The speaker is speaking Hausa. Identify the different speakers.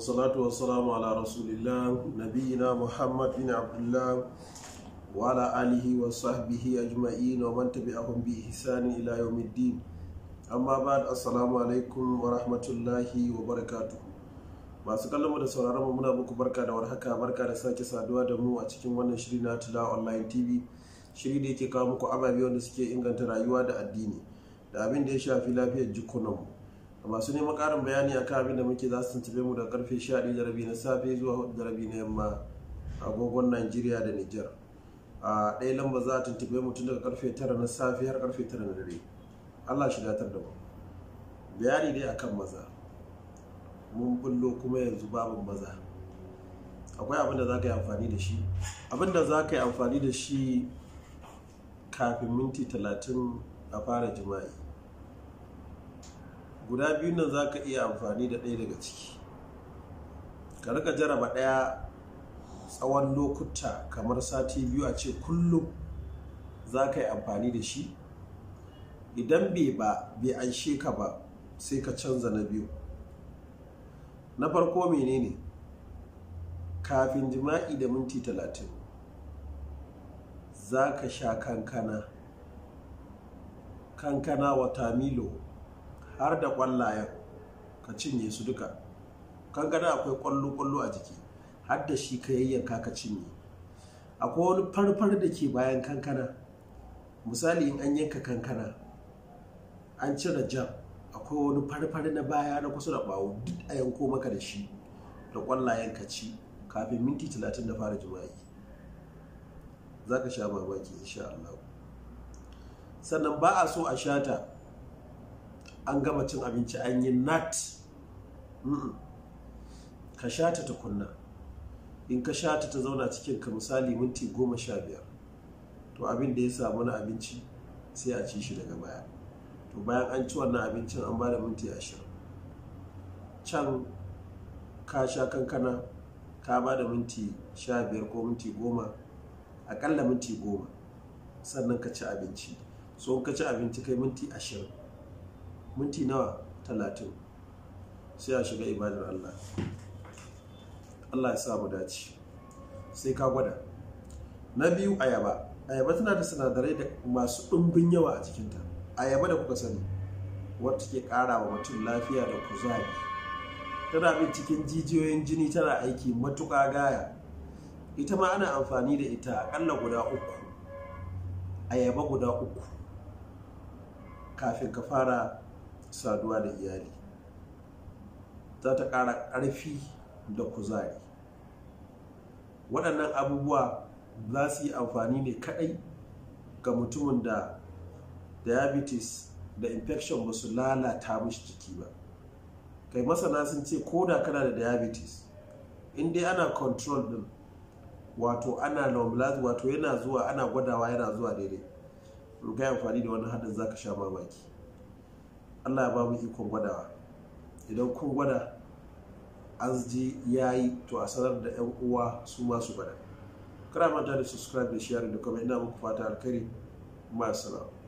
Speaker 1: wasalatu wasalamu ala rasulillah nabiyina muhammad bin abdullah wa ala alihi wa sahbihi ajma'in wa man tabi'ahum bi ihsani ila yawmiddin amma ba'd 'asalamu alaikum wa rahmatullahi wa barakatuh masu kallon da sauraron mu muna muku barka da warhaka barka da sake saduwa da mu a cikin wannan shiri na tula online tv shiri da yake kawo muku ababe wanda suke inganta rayuwa da addini da abin da ya shafi lafiyar jikunanmu masu neman karin bayani a abin da muke za su tuntube mu da karfe 11:00 na safe zuwa 11:00 na yamma a agogon Najeriya da Nijar. A ɗaya lamba za a tuntube mu tun daga karfe 9 na safe har karfe 9 na dare. Allah shi datar da mu. Bayani dai akan maza. Mun bullo kuma yanzu babin maza. Akwai abin da za ka yi amfani da shi. Abin da za ka yi amfani da shi kafin minti 30 a fara jima'i. guda biyun nan za ka iya amfani da ɗaya daga ciki ka rika jaraba ɗaya tsawon lokuta kamar sati biyu a ce kullum za ka yi amfani da shi idan bai ba bai anshe ka ba sai ka canza na biyu na farko menene kafin jima'i da minti talatin za ka sha kankana kankana wata milo har da kwallayen ka cinye su duka Kan gada akwai kwallo-kwallo a jiki har da shi ka yayyanka ka cinye akwai wani farfar da ke bayan kankana misali in an yanka kankana an cire jam. akwai wani farfar na baya na kusa da ɓawo duk a yanko maka da shi da kwallayen ka ci kafin minti talatin da fara jima'i za ka sha mamaki insha Allah sannan ba a so a shata an gama cin abinci an yi nat ka sha ta kunna in ka sha ta ta zauna cikin ka misali minti goma sha biyar to abin da ya samu na abinci sai a ci shi daga baya to bayan an ci wannan abincin an ba da minti ashirin can ka sha kankana ka ba da minti sha biyar ko minti goma akalla minti goma sannan ka ci abinci so ka ci abinci kai minti ashirin minti nawa talatin sai a shiga ibadar Allah Allah ya sa mu dace sai ka gwada na biyu ayaba ayaba tana da sinadarai da masu ɗumbin yawa a cikinta ayaba da kuka sani wata ke ƙara wa mutum lafiya da kuzari tana bin cikin jijiyoyin jini tana aiki matuƙa gaya ita ma ana amfani da ita aƙalla guda uku ayaba guda uku kafin ka fara saduwa da iyali za ta kara ƙarfi da kuzari waɗannan abubuwa za su yi amfani ne kaɗai ga mutumin da diabetes da infection ba su lalata mashi jiki ba kai masana sun ce ko da kana da diabetes in dai ana control din wato ana normalize wato yana zuwa ana gwadawa yana zuwa daidai ruga amfani da wannan hadin zaka sha mamaki allah ya ba ikon gwadawa idan kun gwada arziki ya yi to a sanar da 'yan uwa su masu gwada kira manta da subscribe da share da kuma ina muku fata alkhairi salama.